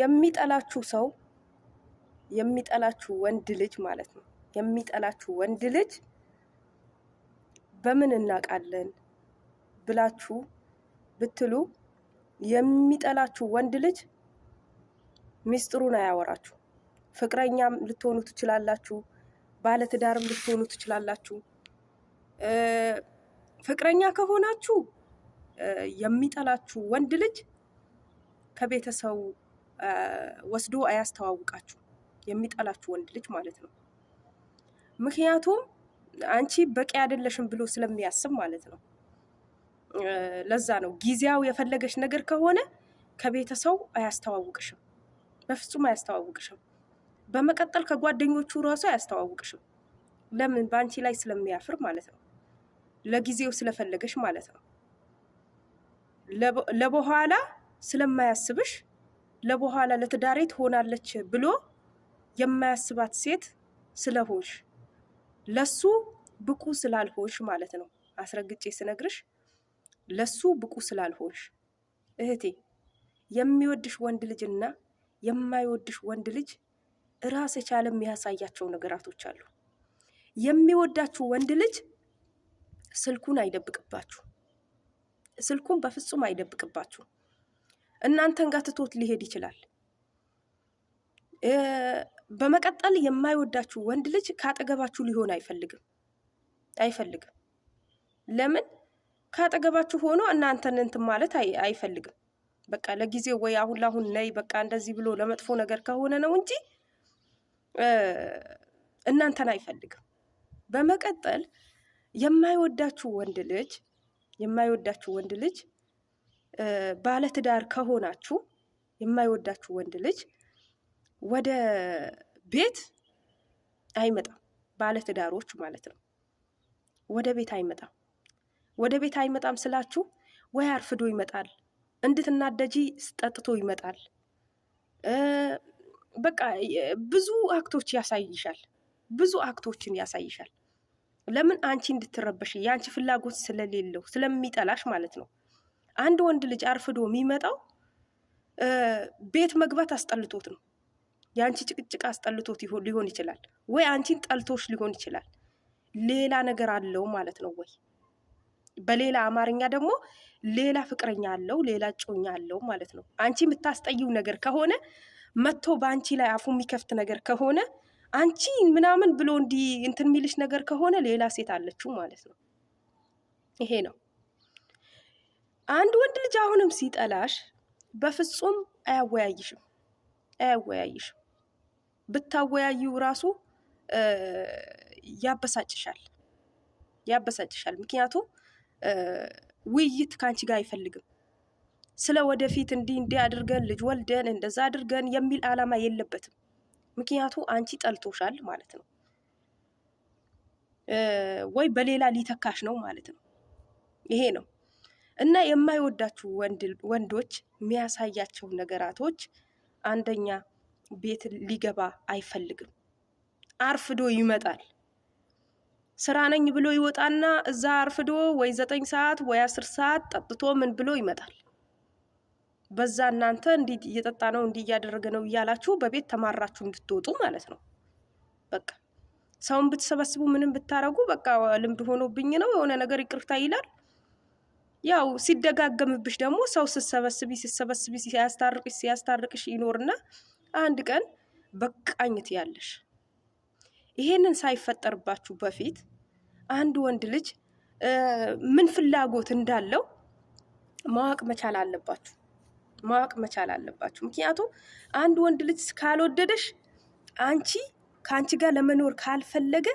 የሚጠላችሁ ሰው የሚጠላችሁ ወንድ ልጅ ማለት ነው። የሚጠላችሁ ወንድ ልጅ በምን እናውቃለን ብላችሁ ብትሉ የሚጠላችሁ ወንድ ልጅ ሚስጥሩን አያወራችሁ። ፍቅረኛም ልትሆኑ ትችላላችሁ፣ ባለትዳርም ልትሆኑ ትችላላችሁ። ፍቅረኛ ከሆናችሁ የሚጠላችሁ ወንድ ልጅ ከቤተሰቡ ወስዶ አያስተዋውቃችሁ የሚጠላችሁ ወንድ ልጅ ማለት ነው። ምክንያቱም አንቺ በቂ አይደለሽም ብሎ ስለሚያስብ ማለት ነው። ለዛ ነው ጊዜያው የፈለገች ነገር ከሆነ ከቤተሰው አያስተዋውቅሽም፣ በፍጹም አያስተዋውቅሽም። በመቀጠል ከጓደኞቹ ራሱ አያስተዋውቅሽም። ለምን? በአንቺ ላይ ስለሚያፍር ማለት ነው። ለጊዜው ስለፈለገሽ ማለት ነው። ለበኋላ ስለማያስብሽ ለበኋላ ለትዳሬ ትሆናለች ብሎ የማያስባት ሴት ስለሆንሽ ለሱ ብቁ ስላልሆንሽ ማለት ነው። አስረግጬ ስነግርሽ ለሱ ብቁ ስላልሆንሽ እህቴ፣ የሚወድሽ ወንድ ልጅና የማይወድሽ ወንድ ልጅ ራስ የቻለ የሚያሳያቸው ነገራቶች አሉ። የሚወዳችሁ ወንድ ልጅ ስልኩን አይደብቅባችሁ፣ ስልኩን በፍጹም አይደብቅባችሁ። እናንተን ጋር ትቶት ሊሄድ ይችላል። በመቀጠል የማይወዳችሁ ወንድ ልጅ ካጠገባችሁ ሊሆን አይፈልግም አይፈልግም። ለምን ካጠገባችሁ ሆኖ እናንተን እንትን ማለት አይፈልግም። በቃ ለጊዜው ወይ አሁን ለአሁን ነይ በቃ እንደዚህ ብሎ ለመጥፎ ነገር ከሆነ ነው እንጂ እናንተን አይፈልግም። በመቀጠል የማይወዳችሁ ወንድ ልጅ የማይወዳችሁ ወንድ ልጅ ባለትዳር ከሆናችሁ የማይወዳችሁ ወንድ ልጅ ወደ ቤት አይመጣም። ባለትዳሮች ማለት ነው። ወደ ቤት አይመጣም። ወደ ቤት አይመጣም ስላችሁ ወይ አርፍዶ ይመጣል፣ እንድትናደጂ ጠጥቶ ይመጣል። በቃ ብዙ አክቶች ያሳይሻል። ብዙ አክቶችን ያሳይሻል። ለምን አንቺ እንድትረበሽ የአንቺ ፍላጎት ስለሌለው ስለሚጠላሽ ማለት ነው። አንድ ወንድ ልጅ አርፍዶ የሚመጣው ቤት መግባት አስጠልቶት ነው። የአንቺ ጭቅጭቅ አስጠልቶት ሊሆን ይችላል፣ ወይ አንቺን ጠልቶሽ ሊሆን ይችላል። ሌላ ነገር አለው ማለት ነው። ወይ በሌላ አማርኛ ደግሞ ሌላ ፍቅረኛ አለው፣ ሌላ እጮኛ አለው ማለት ነው። አንቺ የምታስጠይው ነገር ከሆነ መጥቶ በአንቺ ላይ አፉ የሚከፍት ነገር ከሆነ አንቺ ምናምን ብሎ እንዲ እንትን የሚልሽ ነገር ከሆነ ሌላ ሴት አለችው ማለት ነው። ይሄ ነው። አንድ ወንድ ልጅ አሁንም ሲጠላሽ በፍጹም አያወያይሽም አያወያይሽም። ብታወያዩው ራሱ ያበሳጭሻል ያበሳጭሻል። ምክንያቱም ውይይት ከአንቺ ጋር አይፈልግም። ስለ ወደፊት እንዲህ እንዲህ አድርገን ልጅ ወልደን እንደዛ አድርገን የሚል ዓላማ የለበትም። ምክንያቱ አንቺ ጠልቶሻል ማለት ነው፣ ወይ በሌላ ሊተካሽ ነው ማለት ነው። ይሄ ነው። እና የማይወዳችሁ ወንዶች የሚያሳያቸው ነገራቶች አንደኛ ቤት ሊገባ አይፈልግም። አርፍዶ ይመጣል። ስራ ነኝ ብሎ ይወጣና እዛ አርፍዶ ወይ ዘጠኝ ሰዓት ወይ አስር ሰዓት ጠጥቶ ምን ብሎ ይመጣል። በዛ እናንተ እንዲህ እየጠጣ ነው እንዲህ እያደረገ ነው እያላችሁ በቤት ተማራችሁ እንድትወጡ ማለት ነው። በቃ ሰውን ብትሰበስቡ ምንም ብታረጉ በቃ ልምድ ሆኖብኝ ነው የሆነ ነገር ይቅርታ ይላል። ያው ሲደጋገምብሽ ደግሞ ሰው ስሰበስቢ ሲሰበስቢ ሲያስታርቅሽ ሲያስታርቅሽ ይኖርና አንድ ቀን በቃኝት ያለሽ። ይሄንን ሳይፈጠርባችሁ በፊት አንድ ወንድ ልጅ ምን ፍላጎት እንዳለው ማወቅ መቻል አለባችሁ። ማወቅ መቻል አለባችሁ። ምክንያቱም አንድ ወንድ ልጅ ካልወደደሽ አንቺ ከአንቺ ጋር ለመኖር ካልፈለገ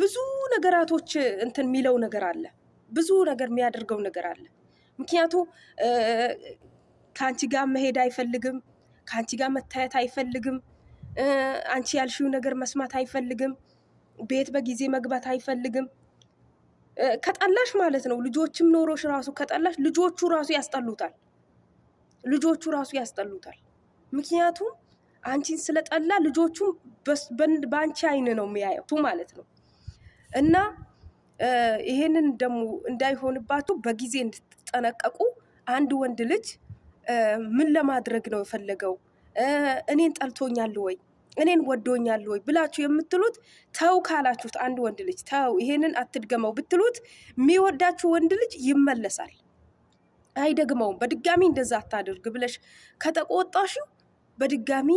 ብዙ ነገራቶች እንትን የሚለው ነገር አለ ብዙ ነገር የሚያደርገው ነገር አለ። ምክንያቱ ከአንቺ ጋር መሄድ አይፈልግም፣ ከአንቺ ጋር መታየት አይፈልግም፣ አንቺ ያልሽው ነገር መስማት አይፈልግም፣ ቤት በጊዜ መግባት አይፈልግም። ከጠላሽ ማለት ነው። ልጆችም ኖሮሽ ራሱ ከጠላሽ ልጆቹ ራሱ ያስጠሉታል። ልጆቹ ራሱ ያስጠሉታል። ምክንያቱም አንቺን ስለጠላ ልጆቹ በአንቺ አይን ነው የሚያየቱ ማለት ነው እና ይሄንን ደግሞ እንዳይሆንባችሁ በጊዜ እንድትጠነቀቁ። አንድ ወንድ ልጅ ምን ለማድረግ ነው የፈለገው? እኔን ጠልቶኛል ወይ እኔን ወዶኛል ወይ ብላችሁ የምትሉት ተው ካላችሁት፣ አንድ ወንድ ልጅ ተው ይሄንን አትድገመው ብትሉት የሚወዳችሁ ወንድ ልጅ ይመለሳል፣ አይደግመውም። በድጋሚ እንደዛ አታድርግ ብለሽ ከተቆጣሽው በድጋሚ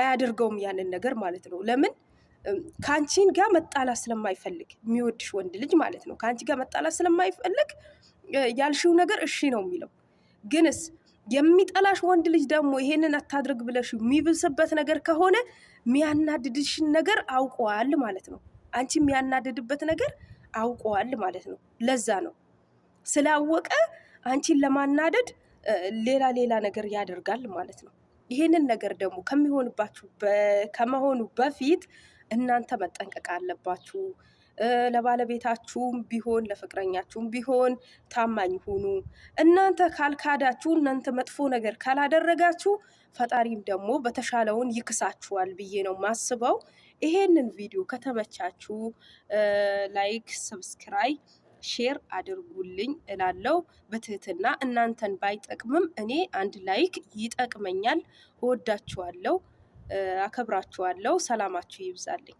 አያደርገውም ያንን ነገር ማለት ነው። ለምን ከአንቺን ጋር መጣላት ስለማይፈልግ የሚወድሽ ወንድ ልጅ ማለት ነው። ከአንቺ ጋር መጣላት ስለማይፈልግ ያልሽው ነገር እሺ ነው የሚለው። ግንስ የሚጠላሽ ወንድ ልጅ ደግሞ ይሄንን አታድርግ ብለሽ የሚብስበት ነገር ከሆነ የሚያናድድሽን ነገር አውቀዋል ማለት ነው። አንቺ የሚያናድድበት ነገር አውቀዋል ማለት ነው። ለዛ ነው ስላወቀ አንቺን ለማናደድ ሌላ ሌላ ነገር ያደርጋል ማለት ነው። ይሄንን ነገር ደግሞ ከሚሆንባችሁ ከመሆኑ በፊት እናንተ መጠንቀቅ አለባችሁ። ለባለቤታችሁም ቢሆን ለፍቅረኛችሁም ቢሆን ታማኝ ሁኑ። እናንተ ካልካዳችሁ፣ እናንተ መጥፎ ነገር ካላደረጋችሁ ፈጣሪም ደግሞ በተሻለውን ይክሳችኋል ብዬ ነው ማስበው። ይሄንን ቪዲዮ ከተመቻችሁ ላይክ፣ ሰብስክራይ ሼር አድርጉልኝ እላለው በትህትና እናንተን ባይጠቅምም እኔ አንድ ላይክ ይጠቅመኛል። እወዳችኋለሁ። አከብራችኋለሁ። ሰላማችሁ ይብዛልኝ።